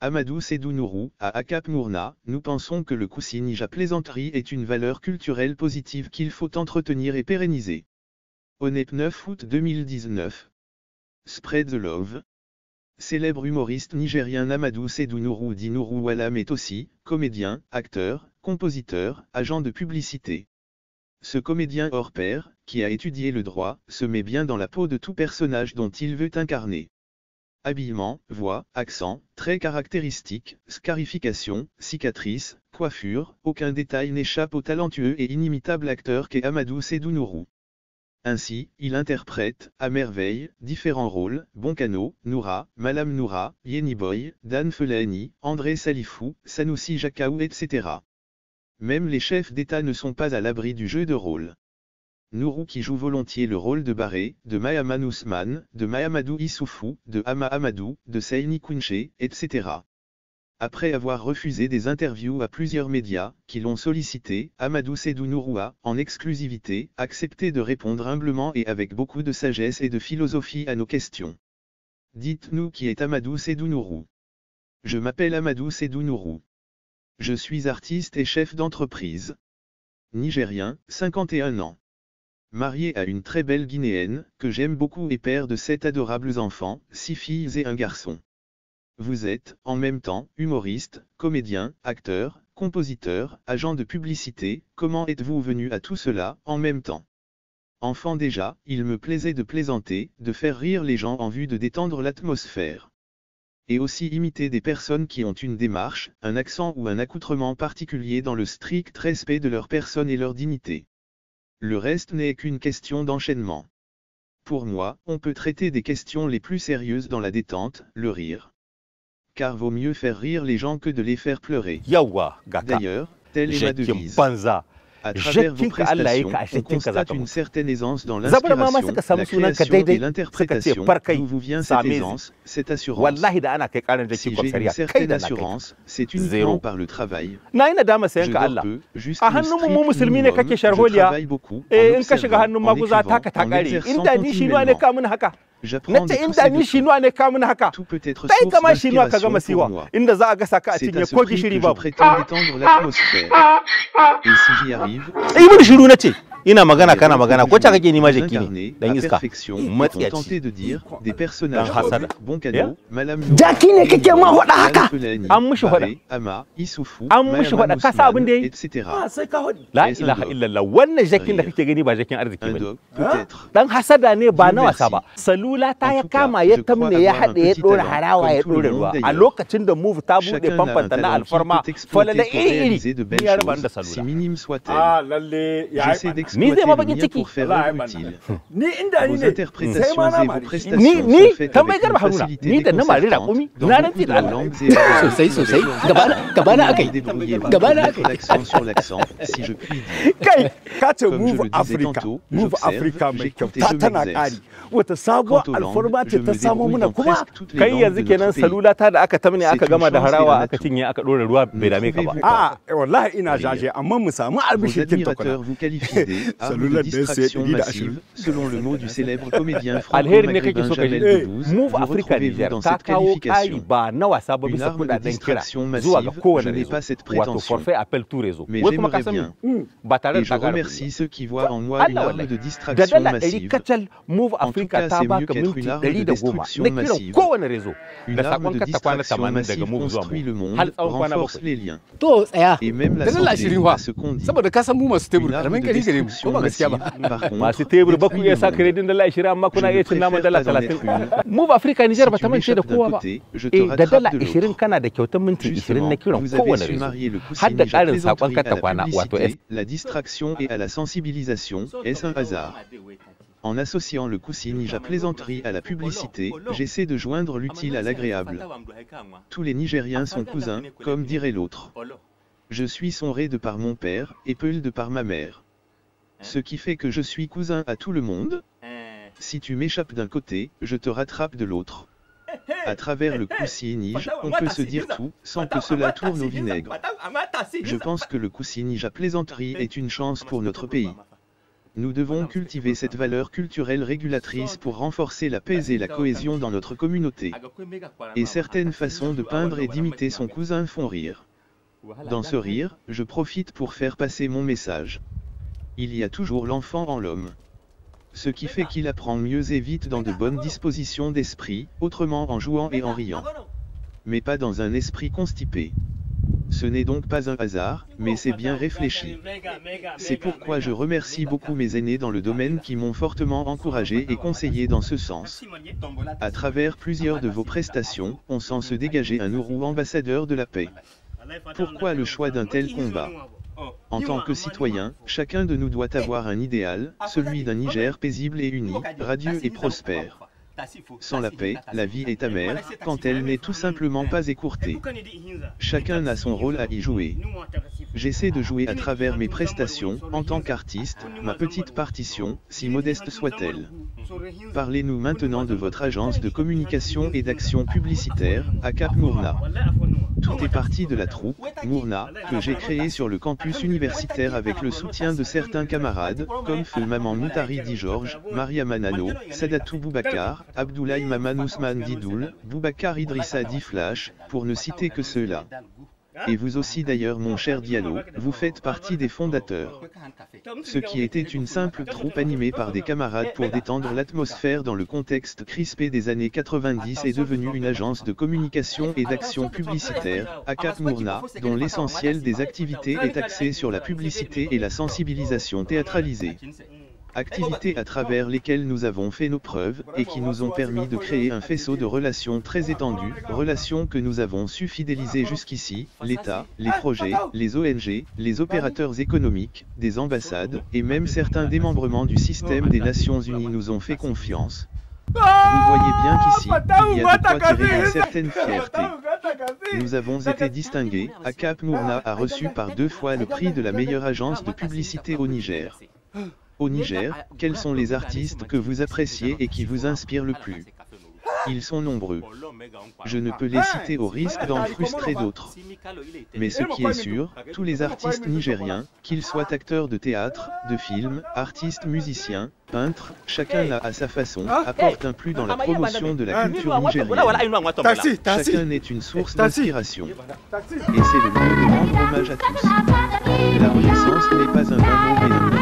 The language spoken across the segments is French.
Amadou Sédou à Akap Mourna, nous pensons que le à plaisanterie est une valeur culturelle positive qu'il faut entretenir et pérenniser. ONEP e 9 août 2019. Spread the Love. Célèbre humoriste nigérien Amadou dit Nourou Walam est aussi, comédien, acteur, compositeur, agent de publicité. Ce comédien hors pair, qui a étudié le droit, se met bien dans la peau de tout personnage dont il veut incarner. Habillement, voix, accent, traits caractéristiques, scarification, cicatrices, coiffure, aucun détail n'échappe au talentueux et inimitable acteur qu'est Amadou Sedounourou. Ainsi, il interprète, à merveille, différents rôles, Boncano, Noura, Madame Noura, Yeni Boy, Dan Felani, André Salifou, Sanoussi Jacao, etc. Même les chefs d'État ne sont pas à l'abri du jeu de rôle. Nourou qui joue volontiers le rôle de Barré, de Mayaman Ousmane, de Mayamadou Issoufou, de Ama Amadou, de Saini Kounché, etc. Après avoir refusé des interviews à plusieurs médias qui l'ont sollicité, Amadou Nourou a, en exclusivité, accepté de répondre humblement et avec beaucoup de sagesse et de philosophie à nos questions. Dites-nous qui est Amadou Sedou Nourou. Je m'appelle Amadou Sedou Nourou. Je suis artiste et chef d'entreprise. Nigérien, 51 ans marié à une très belle Guinéenne, que j'aime beaucoup et père de sept adorables enfants, six filles et un garçon. Vous êtes, en même temps, humoriste, comédien, acteur, compositeur, agent de publicité, comment êtes-vous venu à tout cela, en même temps Enfant déjà, il me plaisait de plaisanter, de faire rire les gens en vue de détendre l'atmosphère. Et aussi imiter des personnes qui ont une démarche, un accent ou un accoutrement particulier dans le strict respect de leur personne et leur dignité. Le reste n'est qu'une question d'enchaînement. Pour moi, on peut traiter des questions les plus sérieuses dans la détente, le rire. Car vaut mieux faire rire les gens que de les faire pleurer. D'ailleurs, telle est ma devise. A travers vos prestations, on constate une certaine aisance dans l'inspiration, la création et l'interprétation. D'où vous vient cette aisance, cette assurance Si j'ai une certaine assurance, c'est uniquement par le travail. Je dors peu, juste le strict minimum. Je travaille beaucoup eh, en observant, en exerçant continuellement. Nata inda ni shinuwa ne ka mun haka. Kai kamar shinuwa ka gama siwa inda za a ga ka a cinye ko gishiri babu. Ibn shiru ce. ina magana kana magana ko ta kake nima jiki ne dan iska matsiyaci dan hasada jaki ne kake ma hoda haka an mushi hoda an mushi hoda ka sa abin da yayi sai ka la ilaha illallah wannan jakin da kake gani ba jakin arziki bane dan hasada ne ba na wasa ba salula ta ya kama ya tamne ya hade ya dora harawa ya dora ruwa a lokacin da move ta bude ta na alfarma falala iri iri ya raba da salula ah lalle ya ni zai ma bakin ciki ni inda ni ne sai ma na ni ni tambayi garba haruna ni da na mari komi. na rantsi da Allah sosai sosai gabana gabana akai gabana akai kai ka ce move africa move africa mai kyauta tana kari. wata sabuwar alfarma ce ta samo muna kuma kai yanzu kenan salula ta da aka tamne aka gama da harawa aka cinye aka ɗora ruwa bai dame ka ba a'a ah, ah, wallahi ina jaje amma mu samu albishikin ta arme de distraction massive, selon le mot du célèbre comédien franco-maghrébin Jamel Debbouze, vous retrouvez-vous dans cette qualification Une arme de distraction massive, je n'ai pas cette prétention, mais j'aimerais bien. Et je remercie ceux qui voient en moi une arme de distraction massive. En tout cas, c'est mieux qu'être une arme de destruction massive. Une arme de distraction massive construit le monde, renforce les liens. Et même la santé, c'est ce qu'on dit. Une arme de distraction ko ba gaskiya ba masu tebur ba ku iya sa kiredin dala 20 amma kuna iya cin naman dala 30 mu ba Afirka Niger ba et mance da kowa ba eh da dala 20 kana da kyautar minti 20 na kiran kowane rezo har da karin sakon ka kwana wato la distraction et à la sensibilisation est un hasard En associant le coussinige à plaisanterie à la publicité, j'essaie de joindre l'utile à l'agréable. Tous les Nigériens sont cousins, comme dirait l'autre. Je suis sonré de par mon père, et peul de par ma mère ce qui fait que je suis cousin à tout le monde. Si tu m'échappes d'un côté, je te rattrape de l'autre. À travers le coussinige, on peut se dire tout, sans que cela tourne au vinaigre. Je pense que le coussinige à plaisanterie est une chance pour notre pays. Nous devons cultiver cette valeur culturelle régulatrice pour renforcer la paix et la cohésion dans notre communauté. Et certaines façons de peindre et d'imiter son cousin font rire. Dans ce rire, je profite pour faire passer mon message il y a toujours l'enfant en l'homme. Ce qui fait qu'il apprend mieux et vite dans de bonnes dispositions d'esprit, autrement en jouant et en riant. Mais pas dans un esprit constipé. Ce n'est donc pas un hasard, mais c'est bien réfléchi. C'est pourquoi je remercie beaucoup mes aînés dans le domaine qui m'ont fortement encouragé et conseillé dans ce sens. À travers plusieurs de vos prestations, on sent se dégager un Ourou ambassadeur de la paix. Pourquoi le choix d'un tel combat en tant que citoyen, chacun de nous doit avoir un idéal, celui d'un Niger paisible et uni, radieux et prospère. Sans la paix, la vie est amère, quand elle n'est tout simplement pas écourtée. Chacun a son rôle à y jouer. J'essaie de jouer à travers mes prestations, en tant qu'artiste, ma petite partition, si modeste soit-elle. Parlez-nous maintenant de votre agence de communication et d'action publicitaire, à Cap Mourna. Tout est parti de la troupe, Mourna, que j'ai créée sur le campus universitaire avec le soutien de certains camarades, comme Feu Maman Moutari Di Georges, Maria Manano, Sadatou Boubakar, Abdoulaye Maman Ousmane Didoul, Boubacar Idrissa Di Flash, pour ne citer que ceux-là. Et vous aussi d'ailleurs mon cher Diallo, vous faites partie des fondateurs. Ce qui était une simple troupe animée par des camarades pour détendre l'atmosphère dans le contexte crispé des années 90 est devenue une agence de communication et d'action publicitaire, à Mourna, dont l'essentiel des activités est axé sur la publicité et la sensibilisation théâtralisée activités à travers lesquelles nous avons fait nos preuves et qui nous ont permis de créer un faisceau de relations très étendues, relations que nous avons su fidéliser jusqu'ici, ah, l'État, les ah, projets, les ONG, les bah opérateurs économiques, des ambassades et même ah, certains démembrements du système des Nations Unies nous ont fait confiance. Vous voyez bien qu'ici, bah, il y a de quoi tirer une certaine fierté. Nous avons été distingués, ACAP Mourna a reçu par deux fois le prix de la meilleure agence de publicité au Niger. Au Niger, quels sont les artistes que vous appréciez et qui vous inspirent le plus Ils sont nombreux. Je ne peux les citer au risque d'en frustrer d'autres. Mais ce qui est sûr, tous les artistes nigériens, qu'ils soient ah. acteurs de théâtre, de films, artistes musiciens, peintres, chacun là à sa façon, ah, apporte un plus dans la ah, promotion de la culture nigérienne. Chacun est une source d'inspiration. Et c'est le de rendre hommage à tous. La Renaissance n'est pas un bon mot,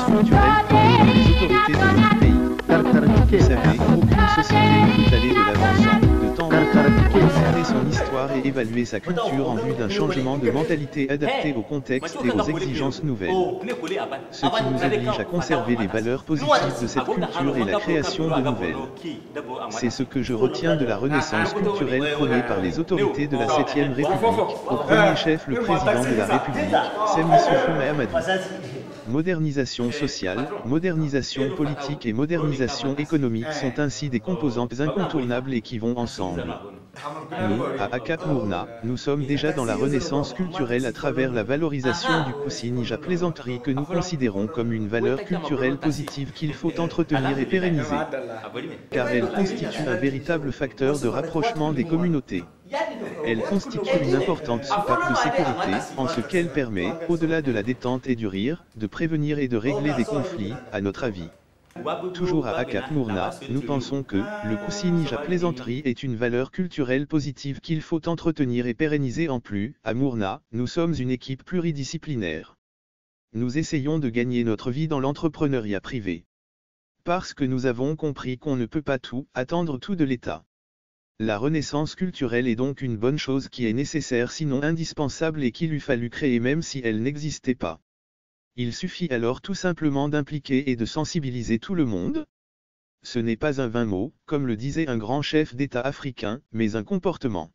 culturelle les autorités de notre pays. Vous savez, aucune de l'avant de temps en temps, son histoire et évaluer sa culture en vue d'un changement de mentalité adapté au contexte et aux exigences nouvelles. Ce qui nous oblige à conserver les valeurs positives de cette culture et la création de nouvelles. C'est ce que je retiens de la renaissance culturelle prônée par les autorités de la 7ème République, au premier chef le président de la République, Sami Soufou Mahamadou modernisation sociale, modernisation politique et modernisation économique sont ainsi des composantes incontournables et qui vont ensemble. Nous, à Mourna, nous sommes déjà dans la renaissance culturelle à travers la valorisation du Poussinija plaisanterie que nous considérons comme une valeur culturelle positive qu'il faut entretenir et pérenniser, car elle constitue un véritable facteur de rapprochement des communautés. Elle constitue une importante soupape de sécurité, en ce qu'elle permet, au-delà de la détente et du rire, de prévenir et de régler des conflits, à notre avis. Toujours à AKAP Mourna, nous pensons que le coussinige à plaisanterie est une valeur culturelle positive qu'il faut entretenir et pérenniser en plus. À Mourna, nous sommes une équipe pluridisciplinaire. Nous essayons de gagner notre vie dans l'entrepreneuriat privé. Parce que nous avons compris qu'on ne peut pas tout attendre tout de l'État. La renaissance culturelle est donc une bonne chose qui est nécessaire sinon indispensable et qu'il eût fallu créer même si elle n'existait pas. Il suffit alors tout simplement d'impliquer et de sensibiliser tout le monde. Ce n'est pas un vain mot, comme le disait un grand chef d'État africain, mais un comportement.